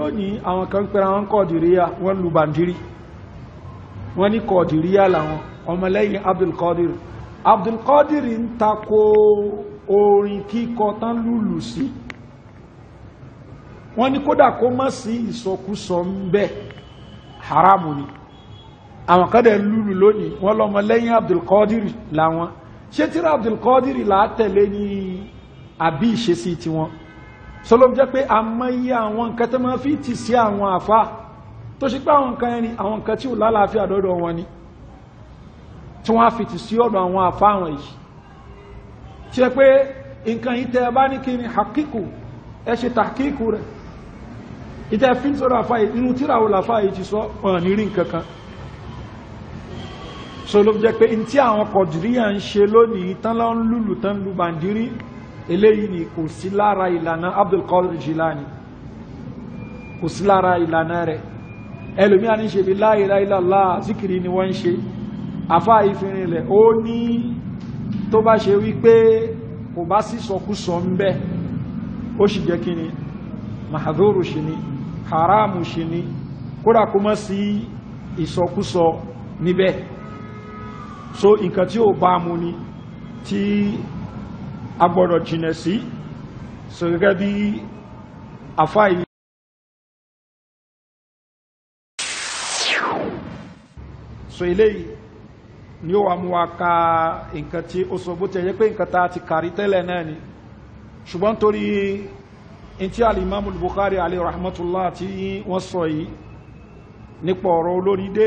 lónìí àwọn kan pẹ̀rẹ̀ àwọn kọ̀dìríyà wọ́n lu bàndírí wọ́n ní kọ̀dìríyà làwọn ọmọlẹ́yìn abdulkadir abdulkadir ń tako orin kíkọ tán lùlù sí wọ́n ní kódà kó má sí ìsọkúsọ ń bẹ haramu ni àwọn kan dẹ̀ lùlù lónìí wọ́n lọ́mọlẹ́yìn abdulkadir làwọn ṣé tíra abdulkadir là á tẹ̀lé ní àbí ìṣesí tiwọn sọlọ́ jẹ́ pé a mọ iye àwọn nǹkan tó máa fi ti sí àwọn àfa tó ṣe pé àwọn nǹkan ẹni àwọn nǹkan tí ò lálàáfíà dọ́dọ̀ wọn ni tí wọ́n á fi ti sí ọ̀dọ̀ àwọn àfa àwọn yìí ṣe pé nǹkan yìí tẹ́ bá ní kí ni hakiku ẹ ṣe tàkíkù rẹ̀ ìtẹ́ fi ń sọ́rọ̀ àfáà inú tíra wò yìí ti sọ ọ̀nà nírí nkankan so ló jẹ́ pé in tí àwọn kọ̀dìríyà ń ṣe lónìí tán lọ lùlù tán lù bàndírí eléyìí ni kò sí lára ìlànà Abdulkadir Jilani kò sí lára ìlànà rẹ̀ ẹlòmí a ní ṣe bí la ilaha zikiri ni wọ́n ń ṣe afá ìfinrinlẹ̀ ó ní tó bá ṣe wípé kò bá sí sọkúsọ ń bẹ́ ó sì jẹ́ kíni mahadoro ṣe ni haramu ṣe ni kódà kó mọ́ sí ìsọkúsọ níbẹ̀ so nǹkan tí ó bá mu ni tí agbọ́dọ̀ jìnà sí so gẹ́gẹ́ bí afá yìí so eléyìí ni ó wà mú wa ka nǹkan tí ó sọ bó ti ẹ̀yẹ́ pé nǹkan ta ti kàrí tẹ́lẹ̀ náà ni ṣùgbọ́n torí in alìmọ́mù Bukhari alì rahmatullah tí wọ́n sọ yìí nípa ọ̀rọ̀ olórí dé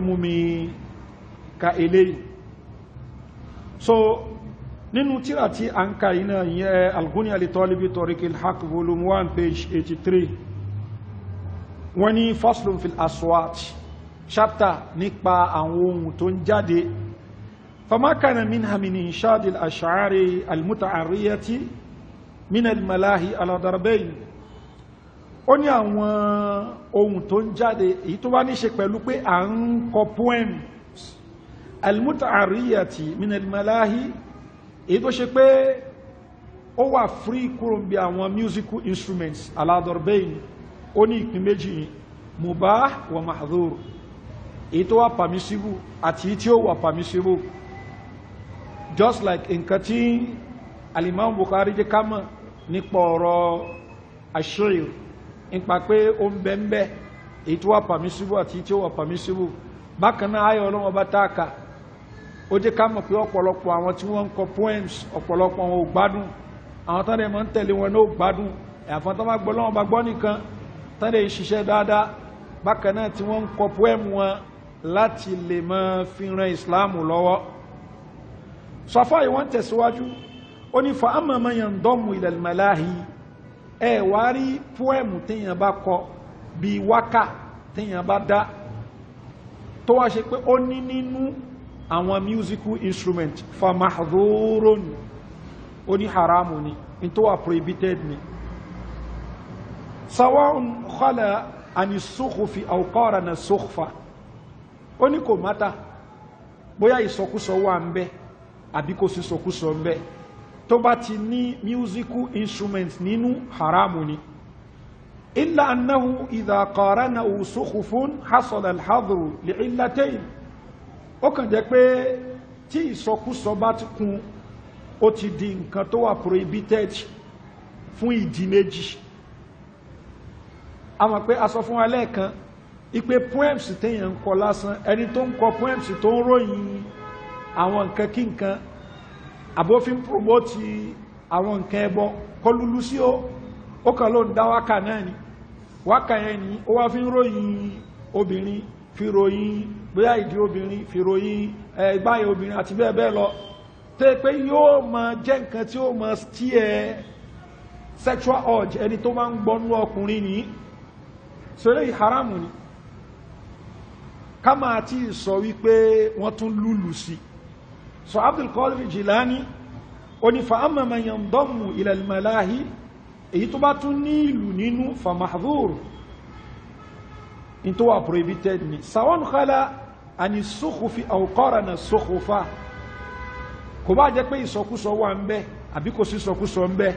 òun mi ka eléyìí so nínú tíra tí a ń ka iná yẹ al-Ghuniya li Talibi Tariq al-Haqq volume 1 page 83 wọ́n ní faslun fil aswat chapter nípa àwọn ohun tó ń jáde fama kana minha min inshad al-ash'ari al-muta'arriyati min al-malahi ala darbayn ó ní àwọn ohun tó ń jáde èyí tó bá ní ṣe pẹ̀lú pé à ń poem almutaariyati min almalahi èyí tó ṣe pé ó wà free kúrò bí àwọn musical instruments aládọ̀rbẹ́yìn ó ní ìpín méjì mubah wa mahzur èyí tó wà permissible àti tí ó wà permissible just like nǹkan tí alimam Bukhari jẹ́ ká mọ̀ nípa ọ̀rọ̀ ashir nípa pé ó ń bẹ́ẹ̀ bẹ́ẹ̀ èyí tó wà permissible àti tí ó wà permissible bákan ayọ̀ ọlọ́wọ́ táàkà ó jẹ́ ká mọ̀ pé ọ̀pọ̀lọpọ̀ àwọn tí wọ́n ń kọ poems ọ̀pọ̀lọpọ̀ wọn ò gbádùn àwọn tán lè mọ́ ń tẹ̀lé wọn náà ò gbádùn ẹ̀fọn tán bá gbọ́ lọ́wọ́ bá gbọ́ nìkan tán lè ṣiṣẹ́ dáadáa bákan náà tí wọ́n ń kọ poem wọn láti lè mọ́ fi Islam lọ́wọ́ sọfá yìí wọ́n tẹ̀síwájú ó ní fa amọ̀mọ́ yẹn ń dọ́mù ilẹ̀ mẹ́láhì ẹ̀ wá rí poem téèyàn bá kọ bíi wákà téèyàn bá dá tó wá ṣe pé ó ní nínú àwọn musical instrument fa mahdhurun ni ó ní haramu ni in tó wà prohibited ni sawa'un khala àni sókòfì àwòkọ́ra na sókòfà ó ní kò mátà bóyá ìsọkúsọ wà ń bẹ àbí kò sí ìsọkúsọ ń bẹ tó bá ti ní musical instrument nínú haramu ni illa annahu idha qarana sókòfún hasala alhadru li'illatayn ó kàn jẹ́ pé tí ìsọkúsọ bá ti kún ó ti di nǹkan tó wà prohibited fún ìdí méjì a mọ̀ pé a sọ fún wa lẹ́ẹ̀kan ipe poems téèyàn ń kọ lásán ẹni tó ń kọ poems tó ń ròyìn àwọn nǹkan kí nǹkan àbófin promote àwọn nǹkan ẹbọ kọlùlù sí ó ó kàn ló ń dá wákà náà ni wákà yẹn ni ó wá fi ń ròyìn obìnrin fi ròyìn bóyá ìdí obìnrin fìròyìn ẹgbáyẹ obìnrin àti bẹ́ẹ̀ bẹ́ẹ̀ lọ tó yẹ pé yóò máa jẹ́ nǹkan tí ó máa steer sexual urge ẹni tó máa ń gbọ́nú ọkùnrin ní sọ́lé ìharamu ni ká máa ti sọ wípé wọ́n tún lùlù sí so Abdul Jilani onífà amama yandamu ila al èyí tó bá tún ní ìlú nínú fa mahdhur tó wà prohibited ni sawon khala àní sókòfì àwòkọ́ra náà sókòfà kò bá jẹ́ pé ìsọkúsọ wà ń bẹ́ àbí kò sí ìsọkúsọ ń bẹ́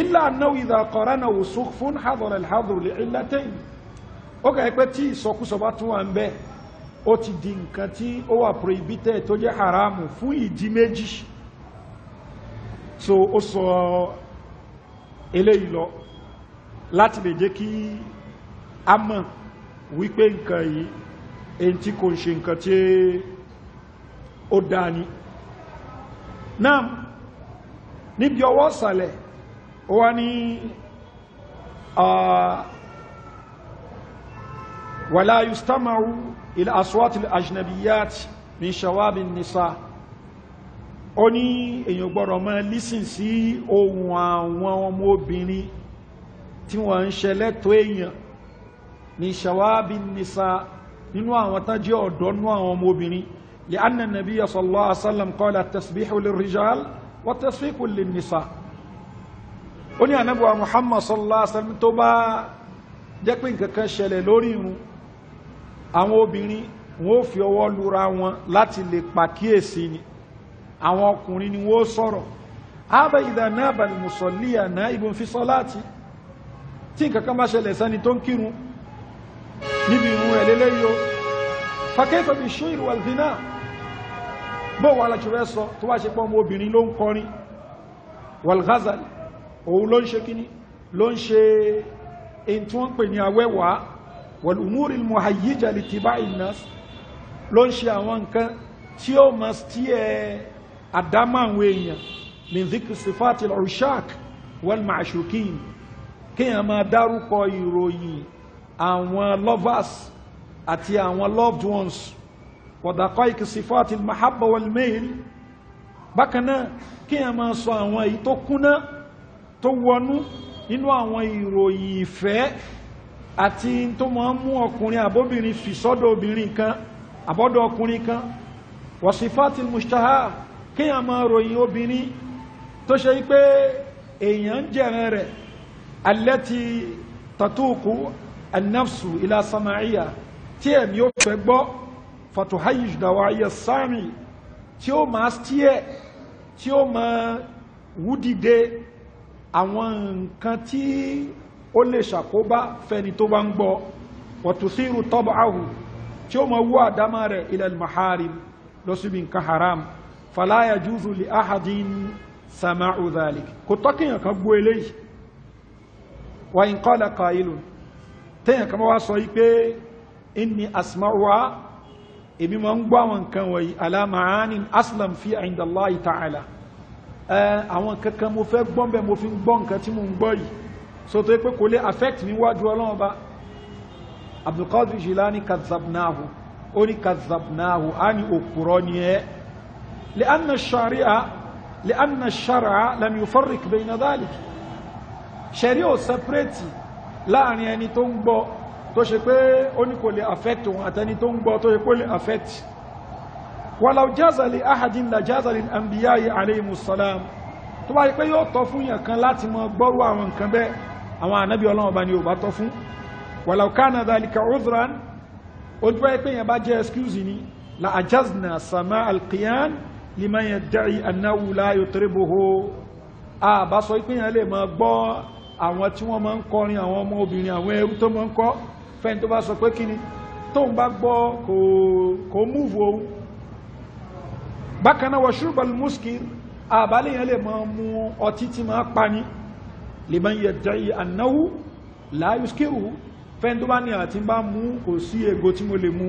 ilá náà ìdá kọ́ra náà wò sókò fún hadọ̀rẹ̀ hadọ̀rẹ̀ ìlàtẹ̀yìn ó kà pé tí ìsọkúsọ bá tún wà ń bẹ́ ó ti di nǹkan tí ó wà prohibited tó jẹ́ haramu fún ìdí méjì so ó sọ eléyìí lọ láti lè jẹ́ kí a mọ̀ wípé nǹkan yìí èyí tí kò ń ṣe nǹkan tí ó dáa ni náà níbi ọwọ́ sàlẹ̀ ó wá ní wàlá yustamaru ila aswati al-ajnabiyyat ó ní èyàn gbọ́dọ̀ máa lísìn sí ohun àwọn ọmọ obìnrin tí wọ́n ń ṣẹlẹ́tọ̀ èyàn min shawabi nisa nínú àwọn tán jẹ́ ọ̀dọ́ nú àwọn ọmọ obìnrin lè anna nabiyya sallallahu alaihi wasallam qala tasbihu lirrijal wa tasfiku linnisa ó ní ànábùwà muhammad sallallahu alaihi wasallam tó bá jẹ́ pé nǹkan kan ṣẹlẹ̀ lórí irun àwọn obìnrin wọ́n fi ọwọ́ lura wọn láti lè pàkíyèsí ni àwọn ọkùnrin ni wọ́n sọ̀rọ̀ ààbẹ̀ ìdánáàbà ni mùsọ̀líyà náà ibùn fi sọ láti tí nǹkan bá ṣẹlẹ̀ sẹ́ni tó ń kírun níbi ìrún ẹ̀lẹ́lẹ́ yóò fàkẹ́fẹ́ bí ṣó ìrù alvina bó wà lájúrẹ́ sọ tó wá ṣe pọ́ ọmọ obìnrin ló ń kọrin walghazal òun ló ń ṣe kíní ló ń ṣe in tí wọ́n pè ní awẹ́wà wàlúmúrì muhayyija lè ti ló ń ṣe àwọn nǹkan tí ó mọ̀ sí ẹ̀ àdámà èèyàn min sifatil urshak wal ma'shukin kéèyàn máa dárúkọ ìròyìn àwọn lovers àti àwọn loved ones wọ̀dàkọ́ ìkìsífọ́ àti mahabba wal mail bákanáà kí a máa sọ àwọn èyí tó kúnná tó wọnú nínú àwọn ìròyìn ìfẹ́ àti tó máa mú ọkùnrin àbóbìnrin fi sọ́dọ̀ obìnrin kan àbọ́dọ̀ ọkùnrin kan wọ̀sífàtí mustaha kí a máa ròyìn obìnrin tó ṣe pé èèyàn jẹ̀rẹ̀ rẹ̀ alẹ́ti tàtúkù annafsu ila samaiya tí ẹ̀mí ó fẹ́ gbọ́ fatuhayish dawaiya sami tí ó máa stíẹ̀ tí ó máa wúdìde àwọn nǹkan tí ó lè ṣàkóbá fẹ́ni tó bá ń gbọ́ wàtúsírù tọ́bàáhù tí ó máa wú àdámà rẹ̀ ilal maharim lọ nǹkan haram fala yajuzu li ahadin sama'u dhalik kò tọ́kìyàn kan gbọ́ eléyìí wa in qala qailun tẹ́yàn kan wá sọ yí pé inni asma'uwa èmi ma ń gbọ́ àwọn nǹkan wọ̀nyí alamaanin aslam fi inda Allah ta'ala àwọn kankan mo fẹ́ gbọ́n bẹ́ẹ̀ mo fi ń gbọ́ nǹkan tí mo ń gbọ́ yìí so tó yẹ pé kò lè affect mi wájú ọlọ́run bá abdulkadir jilani láàrin ẹni tó ń gbọ́ tó ṣe pé ó ní kò lè affect òun àtẹni tó ń gbọ́ tó ṣe pé ó lè affect walau jaza li ahadin la jaza lil anbiya'i alayhimus salam tó bá yí pé yóò tọ́ fún yàn kan láti mọ gbọ́rú àwọn nǹkan bẹ́ẹ̀ àwọn ànábì Ọlọ́run bá ní ò bá tọ́ fún walau kana ni àwọn tí wọ́n máa ń kọrin àwọn ọmọ obìnrin àwọn ẹrú tó máa ń kọ́ fẹ́ni tó bá sọ pé kíni tóun bá gbọ́ kò múùfù ohun bákan wọ ṣùgbọ́n muski àbálẹ̀ yẹn lè máa mú ọtí tí máa pani lè máa yẹ dẹ́yì ànáwó láyùskéwù fẹ́ni tó bá ní àti bá mú kò sí ego tí mo lè mú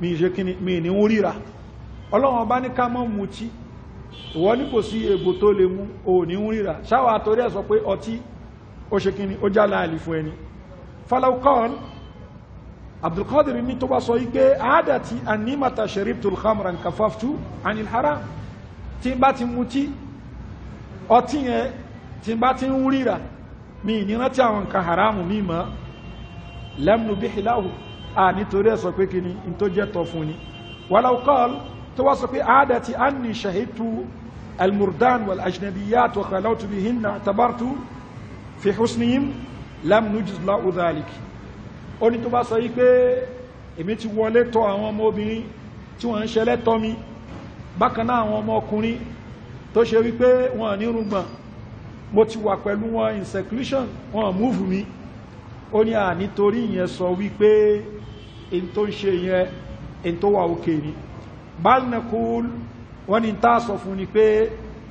mi ṣe kíni mi ní ń ríra ọlọ́wọ́n bá ní ká mọ́ mutí ìwọ ní kò sí ego tó lè mú òní ń ríra ṣáwà torí ẹ̀ sọ pé ọtí ó ṣe kíni ó jálá àlì fún ẹni falaukọ́n abdulkadir ní tó bá sọ igbe àádàtí anímata sharibtul khamran kafaftu anil haram tí bá ti mutí ọtí yẹn tí bá ti ń ríra mi ní rántí àwọn nǹkan haramu mi mọ́ lẹ́mnu bí hilahu a nítorí ẹ̀ sọ pé kíni in tó jẹ́ tọ́ fún ni walaukọ́l tó wá sọ pé àádàtí anni shahitu almurdan wal ajnabiyat wa khalautu bihinna tabartu fi husnihim lam nujiz lahu dhalik ó ní tó bá sọ wípé èmi ti wọlé tọ àwọn ọmọ obìnrin tí wọ́n ń ṣẹlẹ̀ tọ́ mi bákan náà àwọn ọmọ ọkùnrin tó ṣe wípé wọn ní rúgbọ̀n mo ti wà pẹ̀lú wọn inseclusion wọn múùfù mi ó ní à nítorí ìyẹn sọ wípé in tó ń ṣe yẹn in tó wà òkè ni bal naqul wọ́n ni tá a sọ ni pé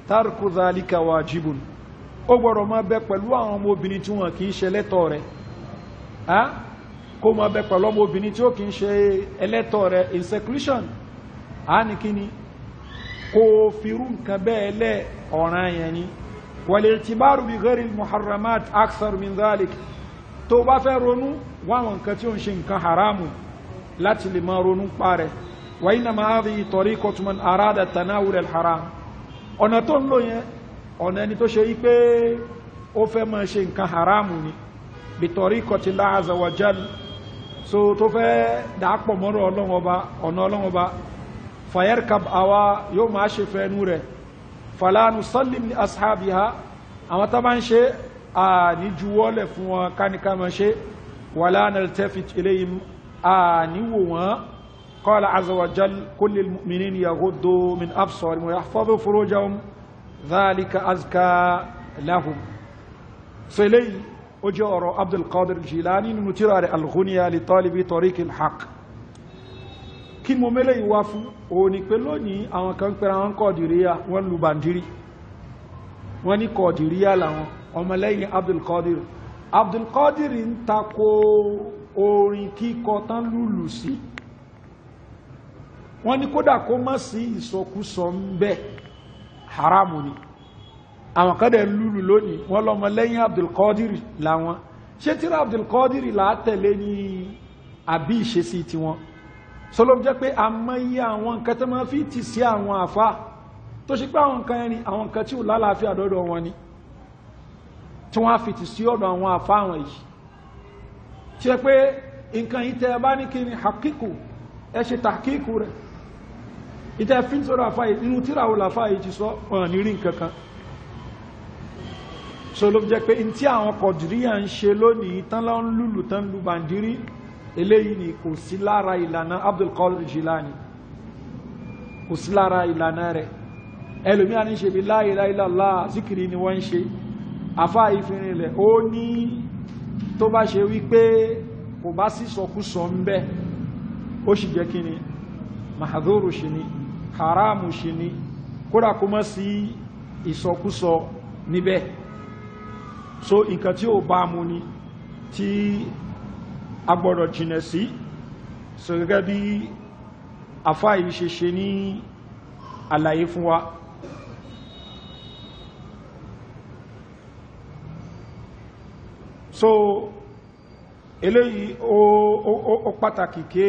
tarku dhalika wajibun ó gbọ́dọ̀ máa bẹ pẹ̀lú àwọn ọmọ obìnrin tí wọn kì í ṣe ẹlẹ́tọ̀ rẹ̀ á kó máa bẹ pẹ̀lú ọmọ obìnrin tí ó kì í ṣe ẹlẹ́tọ̀ rẹ̀ in á ní kí ni kó o nǹkan bẹ́ẹ̀ lẹ́ ọ̀ràn yẹn ni wal-i'tibaru bi ghairi muharramat aksar min tó bá fẹ́ ronú wáwọn nǹkan tí ó ń ṣe nǹkan haramu láti lè máa ronú parẹ́ wa innama hadhihi tariqatu man arada tanawul al-haram ọ̀nà tó ń lò yẹn ọ̀nà ẹni tó ṣe yí pé ó fẹ́ máa ṣe nǹkan haramu ni bìtọ̀rí kọtí láàzà wàjẹ́l so tó fẹ́ dàápọ̀ mọ́rọ̀ ọ̀nà ọlọ́wọ́ bá fayarkab àwa yóò máa ṣe fẹ́nu rẹ̀ falanu sallim ní ashabi ha àwọn tá bá ń ṣe à juwọ́lẹ̀ fún wọn káníká máa ṣe wàlánà tẹ́fit iléyìn à níwò wọn قال عز وجل كل المؤمنين يغضوا من أبصارهم ويحفظوا فروجهم ذلك أزكى لهم سلي أجور عبد القادر الجيلاني نترى الغنية لطالب طريق الحق kí mo mẹ́lẹ̀ ìwá fún òun ni pé lónìí àwọn kan pẹ̀rẹ̀ àwọn kọ̀dìríyà wọ́n lu bàndírí wọ́n ní kọ̀dìríyà làwọn ọmọlẹ́yìn abdulkadir abdulkadir ń takò orin kíkọ tán lùlù sí wọ́n ní kódà kó mọ́ sí ìsọkúsọ ń bẹ́ẹ̀ haramu ni àwọn kan dẹ̀ lúlù lónìí wọ́n lọ́mọ lẹ́yìn abdulkadiri làwọn ṣé tíra abdulkadiri là á tẹ̀lé ní àbí ìṣesí tiwọn sọlọ́m jẹ́ pé a mọ iye àwọn nǹkan tó máa fi tì sí àwọn àfa tó ṣe pé àwọn nǹkan ẹni àwọn nǹkan tí ò lálàáfíà dọ́dọ̀ wọn ni tí wọ́n á fi tì sí ọ̀dọ̀ àwọn àfa wọn yìí ṣe pé nǹkan yìí tẹ́ bá ní kí hakiku ẹ ṣe tàkíkù rẹ̀ ìtẹ́ fi ń sọ́rọ̀ àfáà inú tíra wọ́n làfáà yìí ti sọ ọ̀nà ní rí nkankan so ló jẹ́ pé tí àwọn kọ̀dìríyà ń ṣe lónìí tán lọ ń lùlù tán lu bàndírí eléyìí ni kò sí lára ìlànà Abdul Qadir Jilani kò sí lára ìlànà rẹ̀ ẹlòmíà ní ṣe bí la ilaha illallah zikiri ni wọ́n ń ṣe àfáà ìfìrin rẹ̀ ó ní tó bá ṣe wípé kò bá sí sọkúsọ ń bẹ́ ó sì jẹ́ kí ni mahadoro ṣe ni haramu ṣe ni kódà kó mọ́ sí ìsọkúsọ níbẹ̀ so nǹkan tí ó bá mu ni tí a gbọ́dọ̀ jìnà sí so gẹ́gẹ́ bí afá yìí ṣe ṣe ní àlàyé fún wa so eléyìí ó pàtàkì ké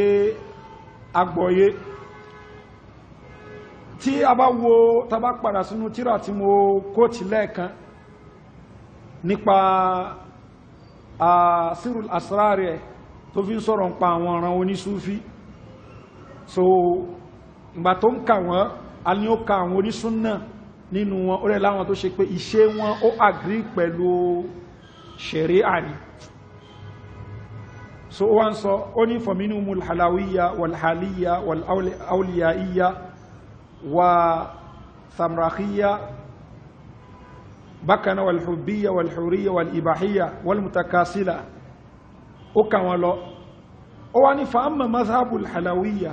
agbọ́yé tí a bá wo tá bá padà sínú tírà tí mo kóòtì lẹ́ẹ̀kan nípa sírùl asrar rẹ̀ tó fi ń sọ̀rọ̀ nípa àwọn ọ̀ràn onísúfí so ìgbà tó ń kà wọ́n a ní ó ka àwọn onísúnnà nínú wọn ó rẹ̀ láwọn tó ṣe pé ìṣe wọn ó àgírí pẹ̀lú ṣẹ̀rí àrí so ó wá ń sọ ó ní faminumul halawiyya wal haliyya wal awliyaiya وثمراخية بكنا والحبية والحورية والإباحية والمتكاسلة أكمل وأن فأما مذهب الحلوية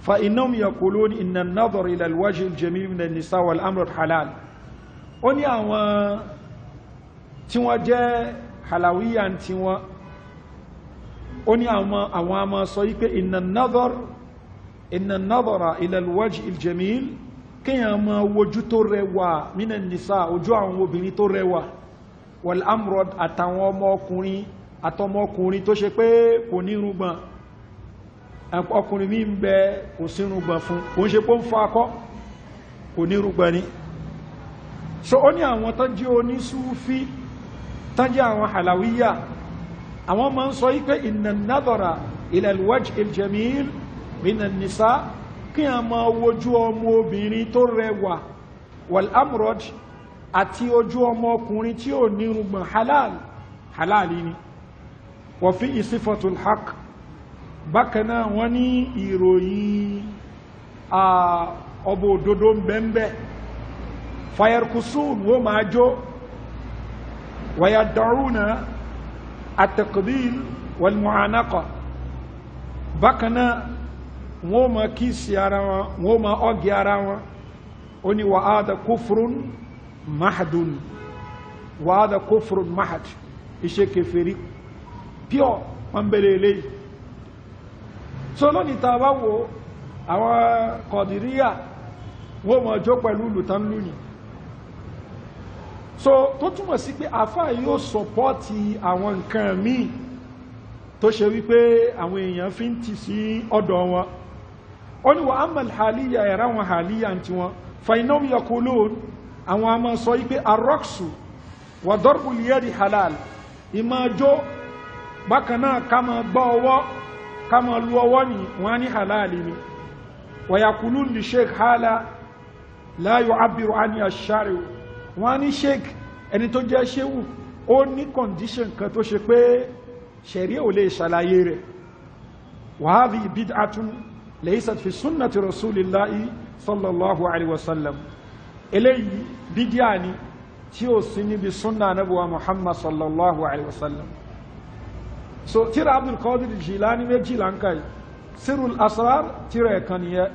فإنهم يقولون إن النظر إلى الوجه الجميل من النساء والأمر الحلال أني أما تواجه حلوية أن تواجه أني أما أما سيكي إن النظر inna nadhara ila alwajh aljamil kéèyàn máa wojú tó rẹwà mina nisa ojú àwọn obìnrin tó rẹwà wal amrod àtàwọn ọmọkùnrin àtọmọkùnrin tó ṣe pé kò ní irùngbọ̀n ọkùnrin mi ń bẹ kò sí irùngbọ̀n fún kò ń ṣe pé ń fọ akọ kò ní irùngbọ̀n ni so ó ní àwọn tó jẹ́ onísúfí tó jẹ́ àwọn halawiya àwọn máa ń sọ yí minan nisa kí a máa wojú ọmọ obìnrin tó rẹwà wal amrod àti ojú ọmọ ọkùnrin tí ò nírùngbọ̀n halal halali ni wọ́n fi ìsífọ̀tul haq bákanáà wọ́n ní ìròyìn ọbọ̀ òdodo bẹ́ẹ̀bẹ́ fayarkusun wọ́n máa jó wayadọ̀rúnà àtẹ̀kọ̀bí wal bákanáà Nwó ma kìí si ara wọn, nwó ma ọ̀gì ara wọn, oní wà á de kóforónu mahadum. Wà á de mahadum. Ise keferi, piọ̀ ma mbélé ilé. Solóní ta bá awa kọdịrị ya, nwó ma jọkpẹ̀lú Lótha So to e si pe afa yi o sọpọti awọn nkà mi, t'o sebi ipe awọn enyánfé ndị si ọdọ nwọn. ó ní wọ́n amal haliya ẹ̀rá wọn haliya ti wọn fainam yakulun àwọn a máa sọ wípé arọ́ksù wà dọ́rbùl yẹ́rì halal ìmájó bákan náà ká máa gbọ́ ọwọ́ ká máa lu ọwọ́ ni wọ́n ní halal ni wà yakulun li sheikh hala láyò abiru ani aṣáre wọ́n ní sheikh ẹni tó jẹ́ ṣéwù ó ní condition kan tó ṣe pé ṣẹ̀rí ò lè ṣàlàyé rẹ̀ wàhálì bid'atun laysat fi sunnati rasulillahi sallallahu alaihi wasallam eléyìí bídíà ni tí ó sì níbi sunna nabuwa muhammad sallallahu alaihi wasallam so tírà abdul qadir jilani méjìlá ń kai sirul asrar tírà ẹ̀kan ni yẹ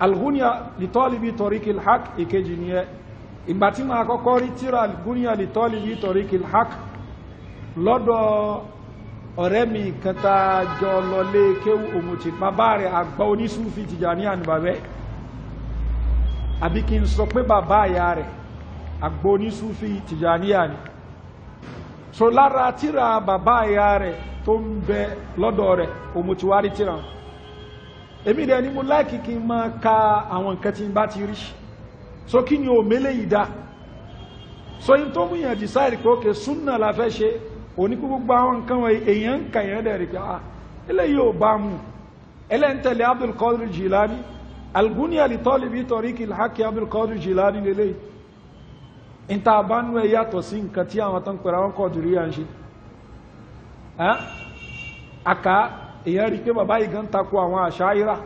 algunya litolibi toriki alhaq ìkejì ni yẹ ìgbà tí máa kọ́kọ́ rí tírà algunya ọ̀rẹ́ mi kan tá a jọ lọ lé kéwù òmùtì bàbá rẹ̀ àgbà onísùfì Tìjàní àní bàbá ẹ̀ àbí kí n sọ pé bàbá àyà rẹ̀ àgbà onísùfì Tìjàní àní so lára tíra bàbá àyà rẹ̀ tó ń bẹ lọ́dọ̀ rẹ̀ òmùtì wárí tíra èmi dẹ̀ ni mo láìkì kí n máa ka àwọn nǹkan tí n bá ti rí so kí ni òmélé dá so in tó mú yàn decide pé ókè súnà la fẹ́ ṣe oníkú gbogbo àwọn nǹkan wọ èèyàn ń kàyàn dẹ̀ rí pé ah ilẹ̀ yóò bá mú ẹlẹ́ntẹ̀lé Abdul Qadir Jilani alguni alitọ́lì bí tọ́rí kí láàkí Abdul Qadir Jilani lélẹ̀ ìta bá nú ẹ yàtọ̀ sí nǹkan tí àwọn tán pẹ̀rẹ̀ àwọn kọ́dùrí à ń ṣe àká èèyàn rí pé bàbá yìí gan takò àwọn àṣáírà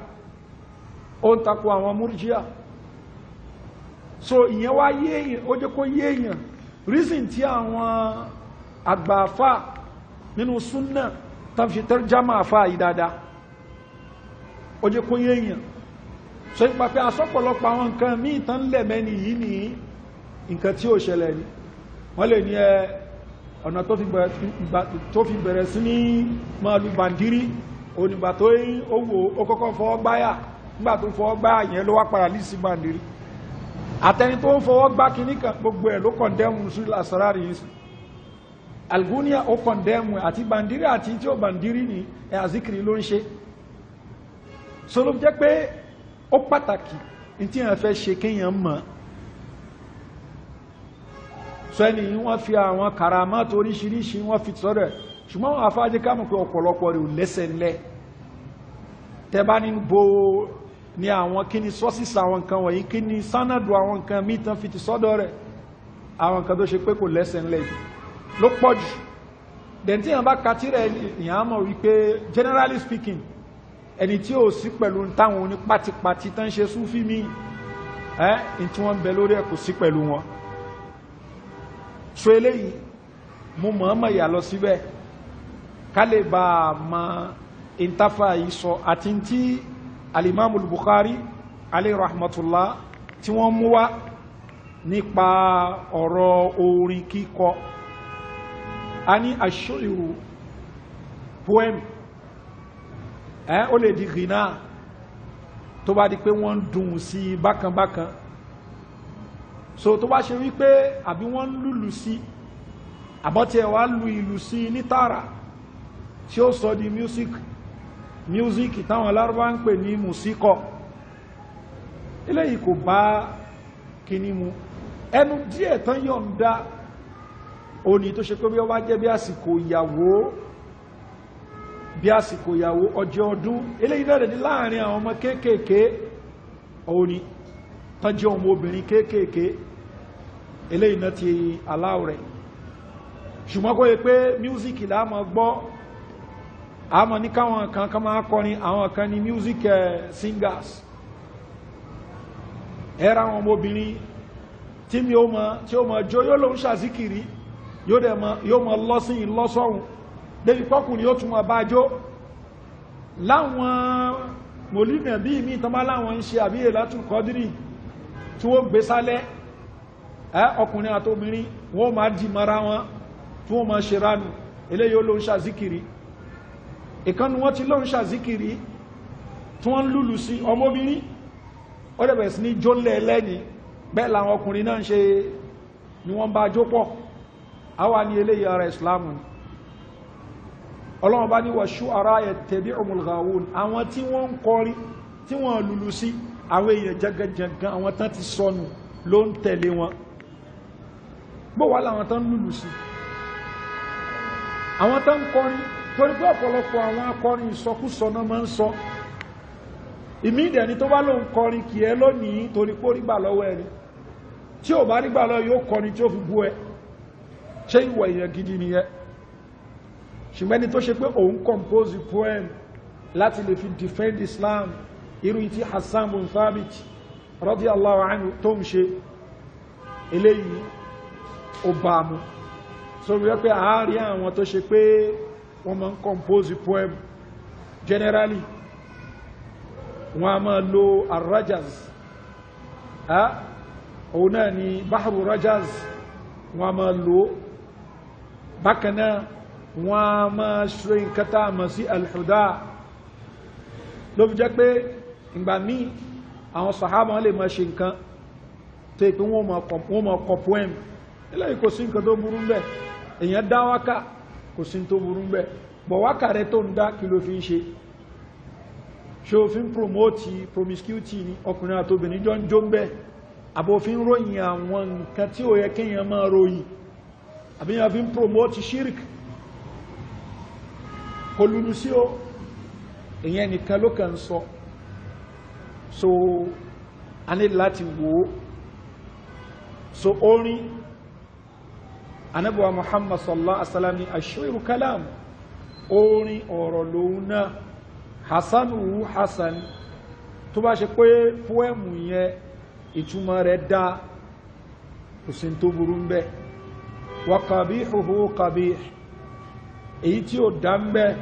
ó ń takò àwọn múrjíà so ìyẹn wá yéèyàn ó jẹ́ kó yéèyàn reason tí àwọn àgbààfà nínú súnnà tán fi tẹ́rìjámà àfà yìí dáadáa ó jẹ́ kó yé èèyàn so ipa pé asọ́pọ̀lọpọ̀ àwọn nǹkan míì tán lẹ̀ mẹ́ni yìí ní nǹkan tí ó ṣẹlẹ̀ ni wọ́n lè ní ẹ ọ̀nà tó fi bẹ̀rẹ̀ sí ní máa lu bàndírí onígbà tó ń owó ó kọ́kọ́ fọwọ́ gbáyà nígbà tó fọwọ́ algunia ó kọ̀ndẹ́mù ati bandiri ati tí ó bandiri ní azikiri ló ń ṣe so ló jẹ́ pé ó pàtàkì tí wọ́n fẹ́ ṣe kéèyàn mọ̀ so ẹni wọ́n fi àwọn karamọ́tò oríṣiríṣi wọ́n fi sọ́rọ̀ ṣùgbọ́n wọ́n afájé kámù pé ọ̀pọ̀lọpọ̀ rẹ̀ ò lẹ́sẹ̀ ńlẹ̀ tẹ́bá ní bo ni àwọn kini, ni sọ́sìsì àwọn nǹkan wọ̀nyí kí ni sánàdù àwọn nǹkan míì tán fi ti sọ́dọ̀ rẹ̀ àwọn nǹkan tó ṣe pé kò lẹ́sẹ̀ ńlẹ̀ ló pọ̀ jù dẹ̀ntí yàn bá katírẹ̀ ìyàn mọ̀ wípé generally speaking ẹni tí ó sí pẹ̀lú táwọn oní pátipátí tán ṣe súnfí mi ẹ́ tí wọ́n ń bẹ lórí ẹ̀ kò sí pẹ̀lú wọn so eléyìí mo mọ̀ọ́mọ̀ yà lọ síbẹ̀ ká lè bá a mọ ìntafà yìí sọ àti tí alimami Bukhari alayhi rahmatullah tí wọ́n mú wá nípa ọ̀rọ̀ orin kíkọ a ní aṣíru poem ẹ́ ó lè di ghina tó bá di pé wọ́n ń dùn sí bákanbákan so tó bá ṣe wípé àbí wọ́n ń lùlù sí àbọ́tí ẹ̀ wá lu ìlù sí ní tààrà tí ó sọ di music music táwọn lárúbá ń pè ní musikọ eléyìí kò bá kíní mu ẹnu díẹ̀ tán yọ̀ǹda ó ní tó ṣe pé bí ó wá jẹ́ bí àsìkò ìyàwó bí àsìkò ìyàwó ọjọ́ ọdún eléyìí náà ní láàrin àwọn ọmọ kéékèèké ó ní tán jẹ́ ọmọ obìnrin kéékèèké eléyìí náà ti aláwọ̀ rẹ̀ ṣùgbọ́n kó yẹ pé míúsìkì láàmọ́ gbọ́ àmọ́ ní káwọn kan kan máa kọrin àwọn kan ní music eh, singers ẹ̀ra àwọn ọmọ obìnrin tí mi ó mọ tí ó mọ jó yóò lóun ṣàzíkiri yóò mọ lọ́sìn ìlọ́sọ̀hún débi pọ́kùnrin yóò tún mọ bá jó láwọn mòlúmẹ̀ bí mi tán bá láwọn ń ṣe àbíyè látún kọ́dírì tí wọ́n gbé sálẹ̀ ọkùnrin àtòmìnrin wọ́n máa dì mara wọn tí wọ́n máa ṣe ránù eléyìí ó ló ń ṣàzíkiri ìkanu wọ́n ti ló ń ṣàzíkiri tí wọ́n ń lùlù sí ọmọbìnrin ó àwa ni eléyìí ara islam ni ọlọ́run bá ní wa shu'ara yattabi'uhumul ghawun àwọn tí wọ́n ń kọrin tí wọ́n lùlù sí àwọn èèyàn jẹgẹjẹgan àwọn tán ti sọnù ló ń tẹ̀lé wọn bó wà láwọn tán lùlù sí àwọn tán ń kọrin torí pé ọ̀pọ̀lọpọ̀ àwọn akọrin ìsọkúsọ náà máa ń sọ ìmí ìdẹ̀ni tó bá lóun kọrin kì ẹ lónìí torí pé ó rí gbà lọ́wọ́ ẹni tí ò bá rí gbà lọ́wọ́ yóò kọrin tí ó fi bú ẹ ṣé ìwọ̀ èèyàn gidi nìyẹn ṣùgbọ́n ẹni tó ṣe pé òun compose poem láti lè fi defend Islam irú tí Hassan bin Thabit radiyallahu anhu tó ń ṣe eléyìí ó bá mú so wípé pé àárí àwọn tó ṣe pé wọ́n máa ń compose poem generally wọ́n a máa lo arrajaz ah, òun náà ni bahru rajaz wọ́n a máa lo bákan náà wọ́n á máa ṣe nǹkan tá a mọ̀ sí alhuda ló fi jẹ́ pé ìgbà míì àwọn sàhábà lè máa ṣe nǹkan tó ìpín wọ́n máa kọ poem eléyìí kò sí nǹkan tó burú bẹ́ẹ̀ èèyàn dá wákà kò sí tó burú bẹ́ẹ̀ bọ̀ wákà rẹ tó ń dá kí ló fi ń ṣe ṣe òfin promote promiscuity ni ọkùnrin àtobìnrin jọ ń jó ń bẹ́ẹ̀ àbòfin ròyìn àwọn nǹkan tí ó yẹ kéèyàn máa ròyìn àbí yàn fi ń promote shirk kò lúnu sí ó èyàn nìkan ló kàn sọ so a ní láti wò ó so orin anábọ̀wà muhammad sallallahu alaihi wasallam ni ashiru kalam orin ọ̀rọ̀ lòun náà hassan wu hassan tó bá ṣe pé poem yẹn ìtumọ̀ rẹ̀ dá kò tó burú ń bẹ́ẹ̀ wakabihuhu kabih èyí tí ó dá ń bẹ́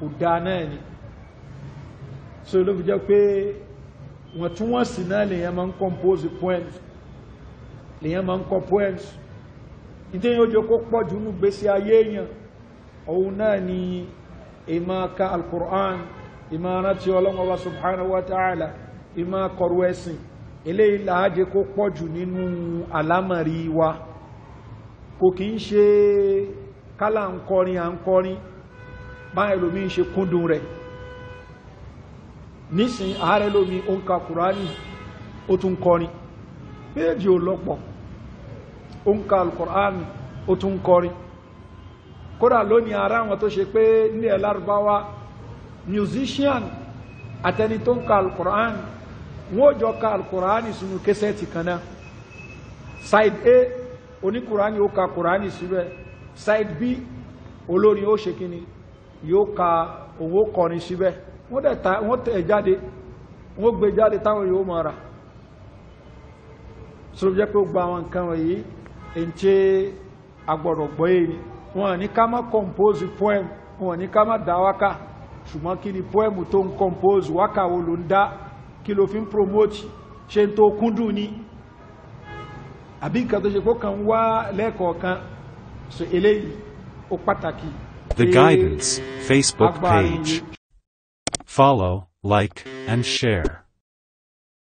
kò dá náà ni so ló fi jẹ́ pé wọ́n tún wọ́n sì náà lèyàn máa ń compose poems lèyàn máa ń kọ poems nítorí yóò jẹ́ kó pọ̀ jù nú gbésí ayé èèyàn òun náà ni ìmá ka alkur'an ìmá rántí ọlọ́mọba subhanahu wa ta'ala ìmá kọrù ẹ̀sìn eléyìí làájẹ́ kó pọ̀ jù nínú àlámọ̀rí wa kò kí ń ṣe kálà ń kọrin à ń kọrin báyẹ̀ lómi ń ṣe kúndùn rẹ̀ nísìn ààrẹ lómi ó ń ka kùránì ó tún kọrin péèjì ò lọ́pọ̀ ó ń ka alkùránì ó tún kọrin kódà lónìí ara wọn tó ṣe pé nílẹ̀ lárúbáwá musician àtẹni tó ń ka alkùránì wọ́n jọ ka alkùránì sínú kẹsẹ̀tì kan náà side a oníkùránì ó ka kùránì síbẹ̀ side b olórin ó ṣe kíni yóò ka òun ó kọrin síbẹ̀ wọ́n ta wọ́n tẹ̀ jáde wọ́n gbé jáde táwọn yóò mọ̀ ra sọ́rọ̀ jẹ́ pé ó gba àwọn nǹkan wọ̀nyí èyí tí a gbọ́dọ̀ gbọ́ èyí wọn ní ká má compose poem wọn ní ká má dá wákà ṣùgbọ́n kí ni poem tó ń compose wákà wo ló ń dá kí ló fi ń promote ṣe tó kúndùn ni The Guidance Facebook page. Follow, like, and share.